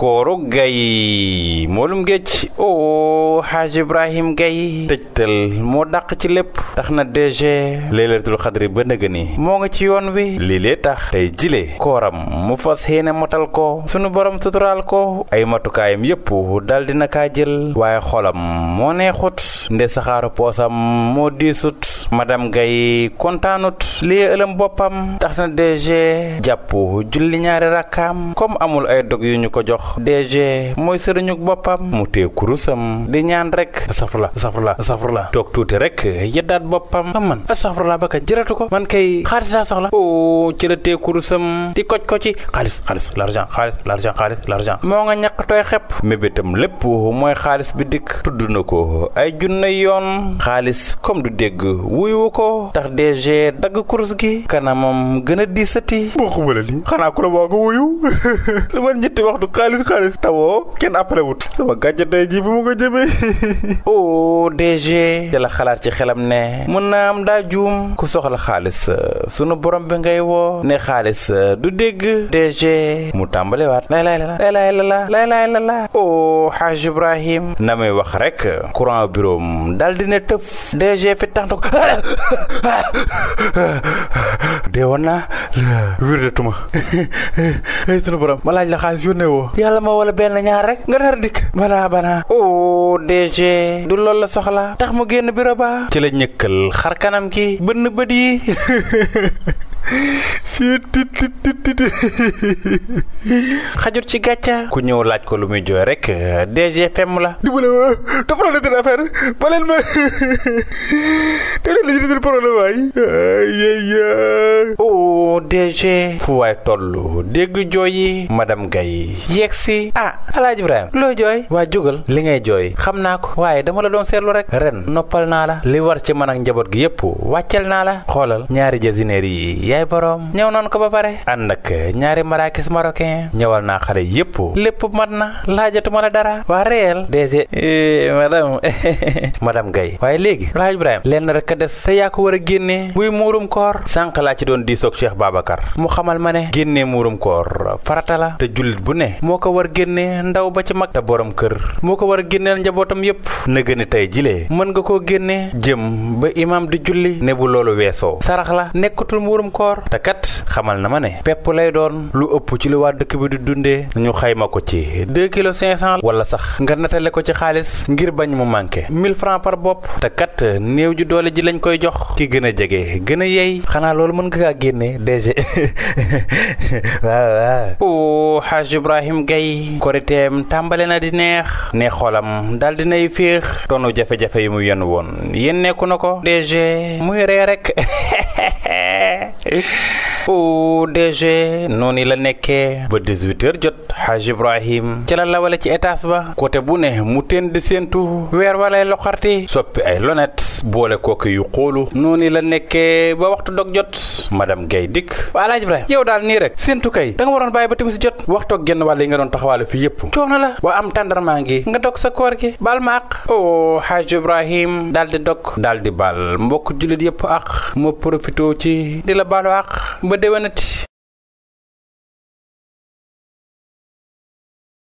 koro gay molum gej Oh, haj ibrahim gay tejtal mo dak ci lepp taxna dg lelatul khadri ba ni mo nga ci yoon wi lile tax tay jile koram mu fas hene motal ko sunu borom tutural ko ay matukaayam yep dal dina ka jël waye xolam moo neexut nde saxaaru poosam moo diisut madam gay kontanut, li elem bopam, taxna dg jappu julli ñaari rakam comme amul ay dog yu ñu ko jox dox DG mooy sëriñu boppam mu tee kurusam di ñaan rek asafrala asafrala asafrala toog tuuti rek yeddaat boppam am man asafrala ba ka jëratu ko man kay xaalis laa soxla o oh, ci la tee kurusam di koj ko ci xaalis xaalis l'argent xaalis l'argent xaalis l'argent moo nga ñàkk tooy xepp mébétam lépp mooy xaalis bi dikk tudd na ko ay junne yoon xaalis comme du dégg wuyu ko tax DG dagg kurus gi kanamam gën a diisati boo xumala xanaa ku la waa nga wuyu lu man ñetti waxtu xaalis gis xaalis tawoo kenn après wut sama gàcce tey ji bu ma ko jëmee xalaat ci xelam ne mën naa am daa juum ku soxla xaalis euh, sunu borom bi ngay woo ne xaalis euh, du dégg DG mu tàmbaliwaat lay lay la lay lay lay lay la la oh, Ibrahim na muy wax rek courant bureau dal di ne tëf DG fi tax na wérdatuma ay sunu borom ma laaj la xaalis yónnee woo yàlla ma wala benn ñaar rek nga nar dikk banaa banaa o oh, DG du loolu soxla tax mu génn biro ba ci la ñëkkal xar kanam ki bënn bët yi xajul ci gàcca ku ñëw laaj ko lu muy jooy rek euh, DGPM la. dimbale ma toppaloo la seen affaire baleen ma te leen la ñu dindi problème waay. yéy oh DG. fu waay toll dégg jooy yi. madame Gaye yegg si. ah El Hadj Ibrahima loo jooy. waa jógal li ngay jooy xam naa ko waaye dama la doon seetlu rek. ren noppal naa la. li war ci mën ak njaboot gi yépp wàccel naa la. xoolal ñaari jasineer yi yaay boroom. ñëw noonu ko ba pare ànd ak ñaari marakis marocain ñëwal naa xale yépp lépp mat na laajatuma la dara waa réel DG eh, madam madame Gaye waaye léegi Alaaji Ibrahima lenn rek a des te yaa ko war a génnee buy muurum koor sànq laa ci doon diisoog Cheikh Babacar mu xamal ma ne génnee muurum koor farata la te jullit bu ne moo ko war génnee ndaw ba ci mag te borom kër moo ko war a génneel njabootam yépp na gën tey jilee mën nga koo génnee jëm ba imaam di julli ne bu kat xamal na ma ne pepp lay doon lu ëpp ci lu waa dëkk bi di dundee ñu xayma ko ci deux kilos cinq cent wala sax nga natale ko ci xaalis ngir bañ mu manqué mille francs par bopp te kat néew ji doole ji lañ koy jox ki gën a jege gën a yeey xanaa loolu mën nga kaa génne DG waaw waaw o oh, xaaj Ibrahim Gaye koriteem tàmbale na di neex ne xolam daal dinay féex doonu jafe-jafe yi mu yenn woon yéen nekku na ko DG muy ree rek ODG noonu la nekkee ba 18h jot Haj Ibrahim ci la lawale ci étage ba côté bu ne mu teen di séentu weer walay loxarti soppi ay lonet boole kooku yu xoolu noonu la nekkee ba waxtu dog jot madame Gaye dikk waa Alaaji Ibrahima yow daal nii rek séentu kay da nga waroon bàyyi ba timis jot waxtu ak genn wàll yi nga doon taxawaale fi yëpp coono la waa am tàndarmaa ngi nga dog sa koor gi baal ma ak o oh, Haj Ibrahim daal di dog daal di baal mbokk jullit yëpp ak want dewanati